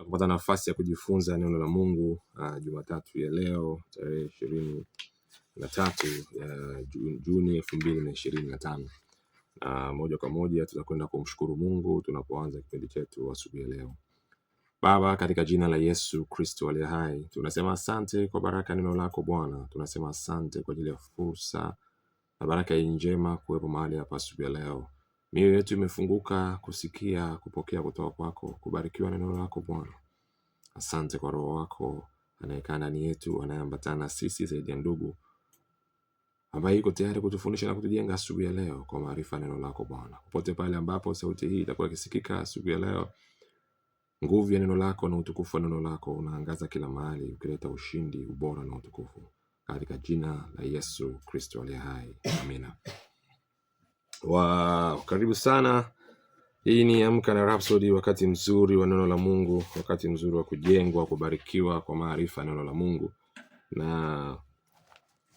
na kupata nafasi ya kujifunza neno la Mungu uh, Jumatatu ya leo tarehe ishirini na tatu ya Juni elfu mbili na ishirini na tano na moja kwa moja tutakwenda kumshukuru Mungu tunapoanza kipindi chetu asubuhi ya leo. Baba, katika jina la Yesu Kristo aliye hai, tunasema asante kwa baraka neno lako Bwana. Tunasema asante kwa ajili ya fursa na baraka hii njema kuwepo mahali hapa asubuhi ya leo. Mioyo yetu imefunguka kusikia, kupokea kutoka kwako, kubarikiwa neno lako Bwana. Asante kwa Roho wako anayekaa ndani yetu, anayeambatana sisi zaidi ya ndugu, ambaye iko tayari kutufundisha na kutujenga asubuhi ya leo kwa maarifa ya neno lako Bwana. Popote pale ambapo sauti hii itakuwa ikisikika asubuhi ya leo, nguvu ya neno lako na utukufu wa neno lako unaangaza kila mahali, ukileta ushindi, ubora na utukufu, katika jina la Yesu Kristo aliye hai, amina. Wow, karibu sana. Hii ni Amka na Rhapsody, wakati mzuri wa neno la Mungu, wakati mzuri wa kujengwa, kubarikiwa kwa maarifa neno la Mungu. Na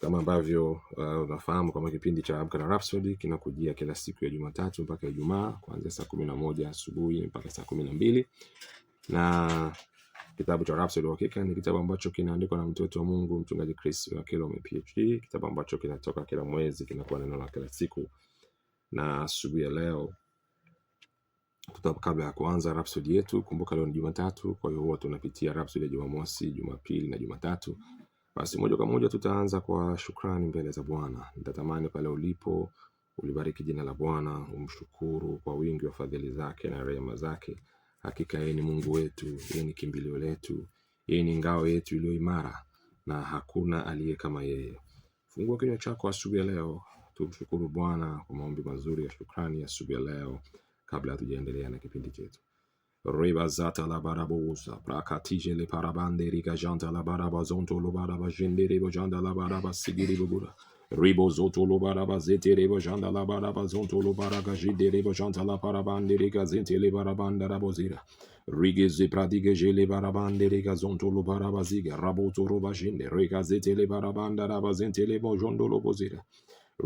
kama ambavyo uh, unafahamu kama kipindi cha Amka na Rhapsody kinakujia kila siku ya Jumatatu mpaka Ijumaa kuanzia saa kumi na moja asubuhi mpaka saa kumi na mbili na kitabu cha Rhapsody hakika ni kitabu ambacho kinaandikwa na mtoto wa Mungu mchungaji Chris Oyakhilome PhD, kitabu ambacho kinatoka kila mwezi, kinakuwa neno la kila siku na asubuhi ya leo kabla ya kuanza Rhapsody yetu, kumbuka leo ni Jumatatu, kwa hiyo huwa tunapitia Rhapsody ya Jumamosi, Jumapili na Jumatatu. Basi moja kwa moja tutaanza kwa shukrani mbele za Bwana. Nitatamani pale ulipo ulibariki jina la Bwana, umshukuru kwa wingi wa fadhili zake na rehema zake. Hakika yeye ni Mungu wetu, yeye ni kimbilio letu, yeye ni ngao yetu iliyo imara, na hakuna aliye kama yeye. Fungua kinywa chako asubuhi ya leo, Tumshukuru Bwana kwa maombi mazuri ya shukrani ya asubuhi ya leo, kabla hatujaendelea na kipindi chetu. Rebazata la barabosa prakatije le parabande rigajanta la barabazonto lo barabajende rebojanda la barabasigiri bogura ribozoto lo barabazete rebojanda la barabazonto lo baragajide rebojanta la parabande rigazente le barabanda rabozira rigeze pradige le barabande rigazonto lo barabaziga raboto robajende rigazete le barabanda rabazente le bojondo lo bozira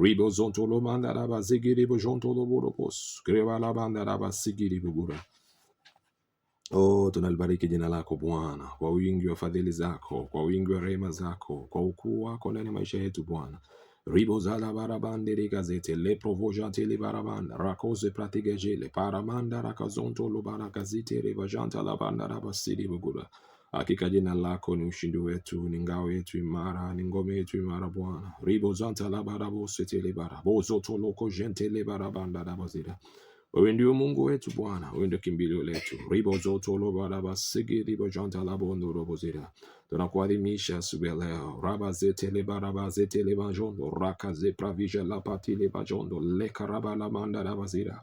Ribozonto lo mandaraba zigiri bojonto lo borobos. Greba la bandaraba sigiri bugura. Oh, tunalibariki jina lako Bwana kwa wingi wa fadhili zako, kwa wingi wa rehema zako, kwa ukuu wako ndani maisha yetu Bwana. Ribo zala barabande rigazete le provojante li barabanda rakoze pratigejele paramanda rakazonto lo barakazite ribajanta la banda rabasiri bugura. Hakika jina lako ni ushindi wetu, ni ngao yetu imara, ni ngome yetu imara Bwana. Ribo zanta la barabo sete le barabo zoto loko jente le barabanda da bazira. Wewe ndio Mungu wetu Bwana, wewe ndio kimbilio letu. Ribo zoto lo baraba sigi ribo janta la bondo robo zira. Tunakuadhimisha asubuhi ya leo. Raba zete le baraba zete le bajondo raka ze pravija la pati le bajondo le karaba la manda da bazira.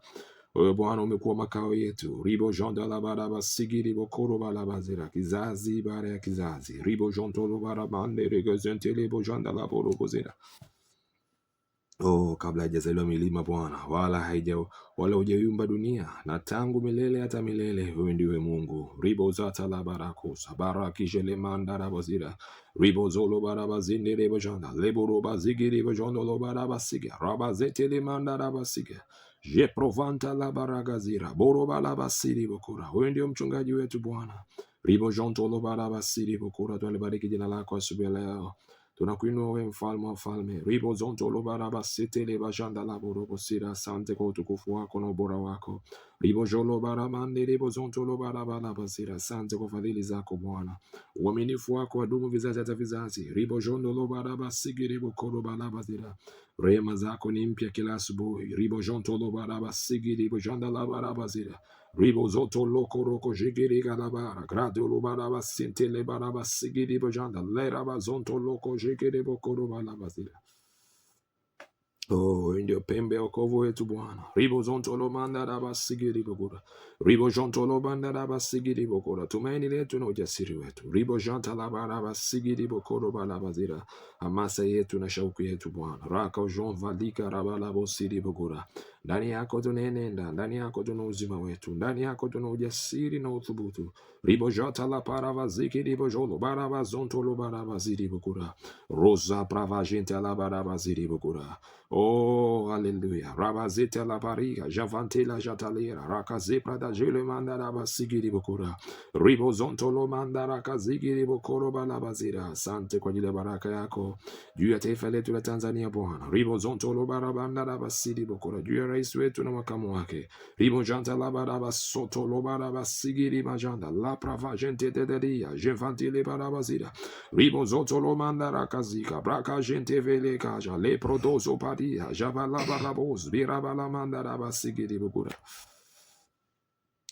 Wewe Bwana umekuwa makao yetu, ribo jonda la bara baraba sigiri bokoro baraba bazira kizazi bara ya kizazi ribo jonto jontolo baraba ndere gezente ribo jonda la boroko zira Oh, kabla haijazaliwa milima Bwana, wala haija wala hujaiumba dunia, na tangu milele hata milele wewe ndiwe Mungu. ribo zata la barako sabara kijele mandara bazira ribo zolo baraba zinde rebo janda lebo roba zigiri bo jondo lo baraba siga raba zete le mandara basiga jeprovanta la baragazira boroba la basiri ndio mchungaji wetu Bwana, ribo jonto loba basiri bokora. jina lako asubuhi leo Tunakuinua wewe mfalme wa wafalme. Ribo zonto lobaraba setele bajanda la robo sira. sante kwa utukufu wako na ubora wako. Ribo jolo ne ribo zonto baraba laba sira. sante kwa fadhili zako Bwana. Uaminifu wako wadumu vizazi hata vizazi. Ribo jondo baraba sigi ribo koro baraba zira rema zako ni mpya kila asubuhi. Ribo jonto baraba sigi ribo janda la baraba zira Ribozoto loko roko jigiri galabara gradulu baraba sintele baraba sigiri bojanda lera bazonto loko jigiri bokoro balabasira. Oh, ndio pembe ya wokovu wetu Bwana. Ribo zontolo manda da basigiri bokora. Ribo jontolo manda da basigiri bokora. Tumaini letu na ujasiri wetu. Ribo janta la bara basigiri bokoro bala bazira. Hamasa yetu na shauku yetu Bwana. Raka John Valika rabala bosiri bokora. Ndani yako tunaenenda, ndani yako tuna uzima wetu, ndani yako tuna ujasiri na uthubutu. Ribo janta la para baziki ribo jolo bara bazontolo bara baziri bokora. Rosa prava gente la bara baziri bokora. Oh, alléluia. Rabazete la pariga, javante la jatalera, rakazepra da jele Sigiri basigiri bokora. Ribozonto lo mandara kazigiri bokoro balabazira. Asante kwa baraka yako juu ya taifa letu la Tanzania Bwana. Ribozonto lo barabanda la basidi bokora juu ya rais wetu na makamu wake. la baraba soto lo baraba sigiri majanda la prava gente dederia, le barabazira. Ribozonto lo mandara Rakazika, braka gente vele kaja, le prodoso Pati. Rabadi, Jabalaba Rabos, Birabalamanda Rabasigiri Bugura.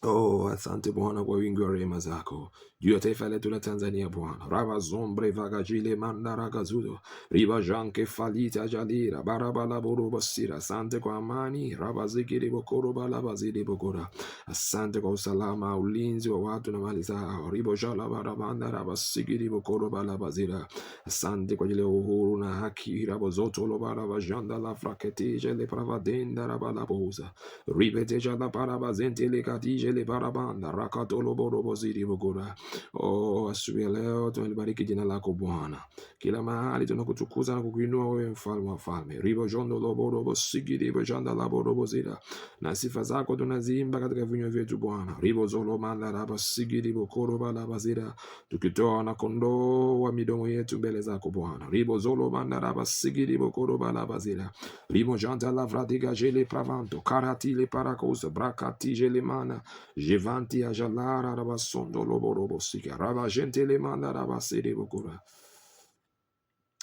Oh, asante Bwana kwa wingi wa rehema zako juu ya taifa letu la Tanzania Bwana. raba zombre vagajile mandaragazudo riba janke falita jalira barabala borobasira. Asante kwa amani raba zikiri bokoroba laba zidi bokora. Asante kwa usalama, ulinzi wa watu na mali zao ribo jala barabanda raba sikiri bokoroba laba zira. Asante kwa ajili ya uhuru na haki rabo zoto lo baraba janda la fraketije le pravadenda raba laboza ribeteja la paraba zente le katije Mandele barabanda lobo borobo ziri bogora. Oh, asubuhi ya leo tunalibariki jina lako Bwana, kila mahali tunakutukuza na kukuinua wewe, mfalme wa falme. ribo jondo lobo sigi loborobo janda labo laborobo zira, na sifa zako tunaziimba katika vinywa vyetu Bwana. ribo zolo manda raba sigi sigiri bokoro balaba bazira, tukitoa na kondoo wa midomo yetu mbele zako Bwana. ribo zolo manda raba sigi sigiri bokoro balaba bazira, ribo janda la vradiga jele pravanto karatile parakosa brakati jele mana Jivanti ajalara rabasondo lobo robo sika. Raba jentele manda rabasiri bukura.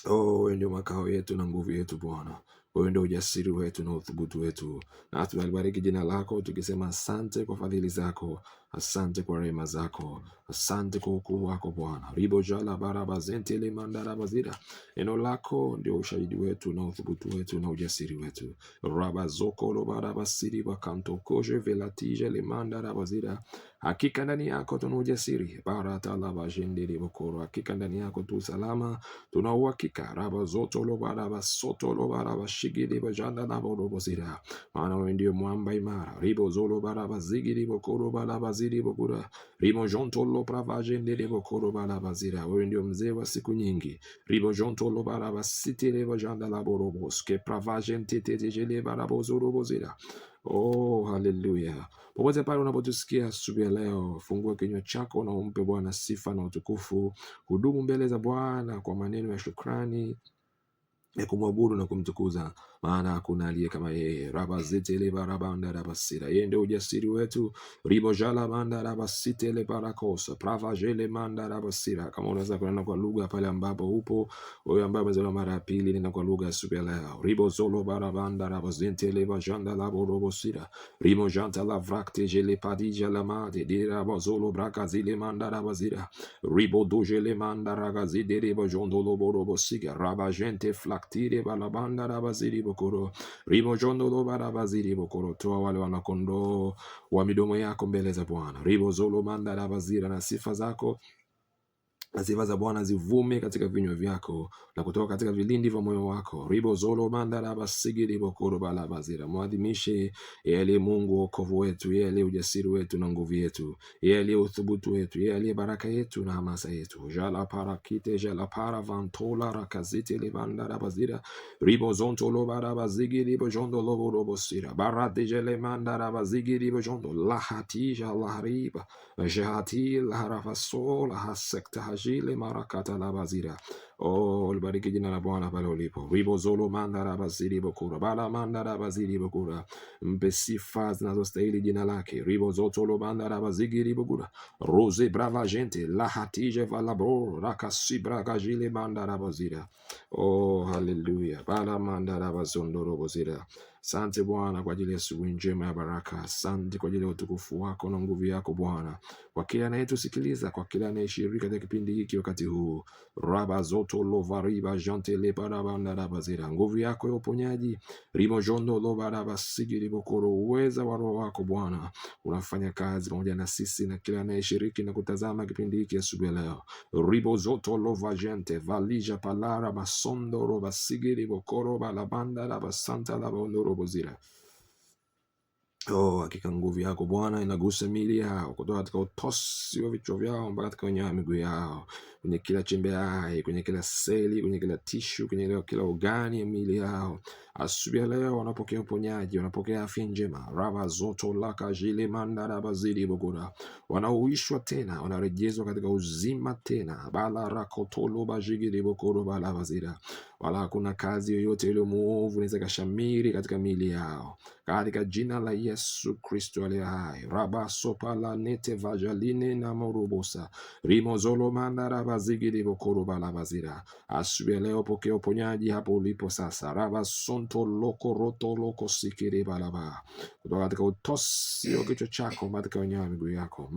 Oh, ndio makao yetu na nguvu yetu Bwana. Wewe ndio ujasiri wetu na uthubutu wetu, na tunalibariki jina lako tukisema asante kwa fadhili zako. Asante kwa rehema zako, asante kwa ukuu wako Bwana. ribojala mandara bazira, neno lako ndio ushahidi wetu na uthubutu wetu na ujasiri wetu. raba baraba siri velatije le mandara bazira, Hakika ndani yako tuna ujasiri bara tala le bokoro, Hakika ndani yako tu salama, tuna uhakika raba baraba baraba shigiri na bodo bazira, maana wewe ndio mwamba imara ribo zolo baraba zigiri bokoro baraba zili bokura rimo jonto lo pravaje ndele bokoro bala bazira wewe ndio mzee wa siku nyingi rimo jonto lo bala basiti le bajanda la borobos ke pravaje ntete jele bala bozuru bozira Oh, haleluya! Popote pale unapotusikia asubuhi ya leo, fungua kinywa chako na umpe Bwana sifa na utukufu. Hudumu mbele za Bwana kwa maneno ya shukrani ya kumwabudu na kumtukuza maana hakuna aliye kama yeye. raba raba sira yeye ndio ujasiri wetu ribo jala manda manda raba sitele prava jele raba sira. kama unaweza kunena kwa lugha pale ambapo upo wewe ambaye umezaliwa mara ya pili, nena kwa lugha siku ya leo ribo ribo barabanda raba raba la la sira janta vrakte jele braka zile manda ribozolobarabandarabazentelebajandaraboroosira rimojantalavractejelepadijalamadedera dirabazolo brakazile mandarabazira ribodojele mandaragazidere sira raba gente flaktire balabanda raba balabandarabaziri bokoro ribo jondo lo baziri bokoro toa wale wanakondoo wa midomo yako mbele za Bwana ribo zolo manda bazira na sifa zako na sifa za Bwana zivume katika vinywa vyako na kutoka katika vilindi vya moyo wako ribo zolo ribozolo bazira. mwadhimishe yeye aliye Mungu wokovu wetu, yeye aliye ujasiri wetu na nguvu yetu, yeye aliye uthubutu wetu, yeye aliye baraka yetu na hamasa yetu jala jala para kite para vantola rakazite bazira ribo zonto lo lo jondo bosira jele libandarabazira ribozontolobarabazigilibojondolobobosira baradejelemandarabazigibojondo lahatijalahriba jahati hasekta Chile, Maracatá, La Basira. Oh, libariki jina la Bwana pale ulipo. Ribo zolo manda raba zilibo bokura. Bala manda raba zilibo kura. Mpe sifa zinazostahili jina lake. Ribo zoto lo manda raba zigiribo bokura. Rose brava gente. La hatije bro Raka sibra gajile manda raba zira. Oh, haleluya. Bala manda raba zondoro bozira. Asante Bwana kwa ajili ya siku njema ya baraka. Asante kwa ajili ya utukufu wako na nguvu yako Bwana, kwa kila anayetusikiliza, kwa kila anayeshiriki katika kipindi hiki wakati huu raba zoto Zonto Lovariba Jantele Barabanda Rabazira. Nguvu yako ya uponyaji Rimojondo Lobaraba uweza wa Roho wako Bwana unafanya kazi pamoja na sisi na kila anayeshiriki na kutazama kipindi hiki asubuhi leo. Ribozoto Lovajente Valija Palara Basondo Robasigiri Bokoro Balabanda Oh, hakika nguvu yako Bwana inagusa miili yao, kutoka katika utosi wa vichwa vyao mpaka katika wenyewe miguu yao, kwenye kila chembe hai, kwenye kila seli, kwenye kila tishu, kwenye leo kila ugani ya miili yao. Asubuhi leo wanapokea uponyaji, wanapokea afya njema. raba zoto laka jile mandaraba zidi bogora, wanaoishwa tena, wanarejezwa katika uzima tena. bala rakotoloba jigidi bokoro bala bazira wala kuna kazi yoyote ile muovu inaweza kashamiri katika miili yao katika jina la Yesu. Yesu Kristo aliye hai. nete vajaline na morobosa rimozolomanda rabazigirivokorobalabazira asubuhi leo, pokea uponyaji hapo ulipo sasa. rabasonto loko roto loko sikiri sikiribalaba kutoka katika utosi wa kichwa chako katika wenyewe wa miguu yako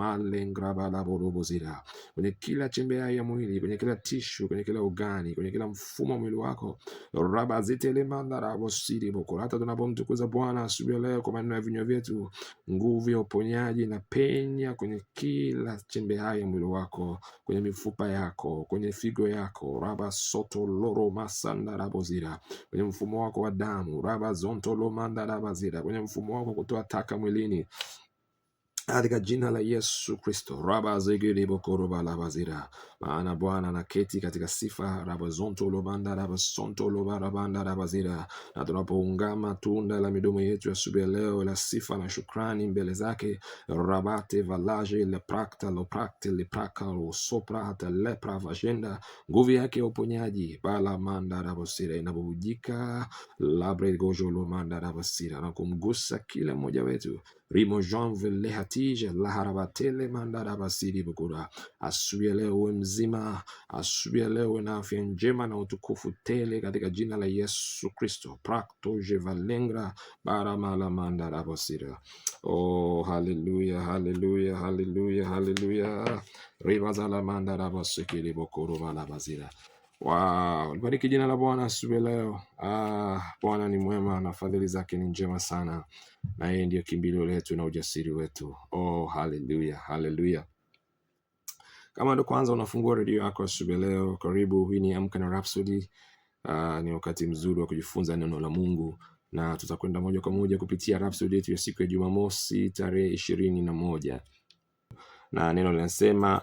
borobozira kwenye kila chembea ya mwili, kwenye kila tishu, kwenye kila ugani, kwenye kila mfumo wa mwili wako rabazitelemanda rabosiribokoro hata tunapomtukuza Bwana asubuhi leo kwa maneno ya vinywa vinywa vyetu nguvu ya uponyaji na penya kwenye kila chembe hai ya mwili wako, kwenye mifupa yako, kwenye figo yako, raba soto loro masanda rabo zira, kwenye mfumo wako wa damu, raba zonto lomanda raba zira, kwenye mfumo wako kutoa taka mwilini katika jina la Yesu Kristo raba zigiribokoroba labazira maana Bwana anaketi katika sifa rabazonto lobanda rabasonto lobarabanda rabazira, na tunapoungama tunda la midomo yetu asubuhi leo la sifa na shukrani mbele zake rabate valaje leprakta loprakte lepraka losopra hata lepra vajenda nguvu yake ya uponyaji bala manda rabasira inabubujika labregojolomanda rabasira na kumgusa kila mmoja wetu rimo Rimojanville hatije laharabatele basidi bukura. Asubuhi leo uwe mzima, asubuhi leo uwe na afya njema na utukufu tele katika jina la Yesu Kristo. Prakto jevalengra baramala mandarabasira. Oh, haleluya, haleluya, haleluya, haleluya. Ribazala mandarabasikiri bukuru balabazira. Wow, bariki jina la Bwana asubuhi leo. Ah, Bwana ni mwema na fadhili zake ni njema sana na yeye ndiyo kimbilio letu na ujasiri wetu. Oh, haleluya, haleluya. Kama ndo kwanza unafungua redio yako asubuhi leo, karibu. Hii ni Amka na Rhapsody. Uh, ni wakati mzuri wa kujifunza neno la Mungu na tutakwenda moja kwa moja kupitia Rhapsody yetu ya siku ya Jumamosi tarehe ishirini na moja na neno linasema